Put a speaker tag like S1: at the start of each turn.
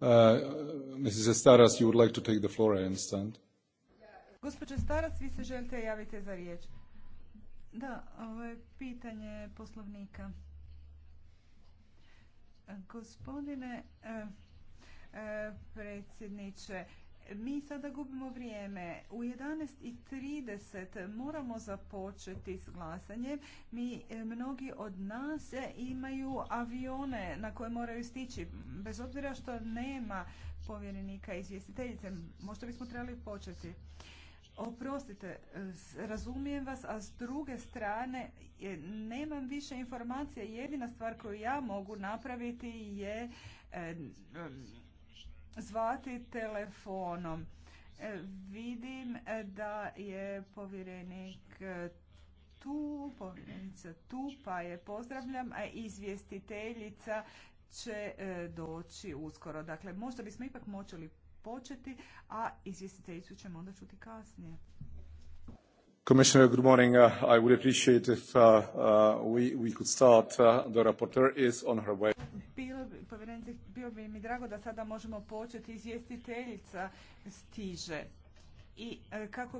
S1: Uh, Mrs. Staras, you would like to take the floor, I understand.
S2: Gospođo Staras, vi se želite javiti za riječ. Da, ovo je pitanje poslovnika. Gospodine e, e, predsjedniče, mi sada gubimo vrijeme. U 11.30 moramo započeti s glasanjem. Mi, e, mnogi od nas imaju avione na koje moraju stići. Bez obzira što nema povjerenika izvjestiteljice, možda bismo trebali početi. Oprostite, razumijem vas, a s druge strane e, nemam više informacija. Jedina stvar koju ja mogu napraviti je e, zvati telefonom. E, vidim e, da je povjerenik e, tu, povjerenica tu, pa je pozdravljam, a izvjestiteljica će doći uskoro. Dakle, možda bismo ipak moćeli početi, a izvjestiteljicu ćemo onda čuti kasnije.
S3: Commissioner, good morning. Uh, I would appreciate if uh, uh, we, we could start. Uh, the rapporteur is on her way.
S2: Bilo bi, bilo bi mi drago da sada možemo početi. Izvjestiteljica stiže. I e, kako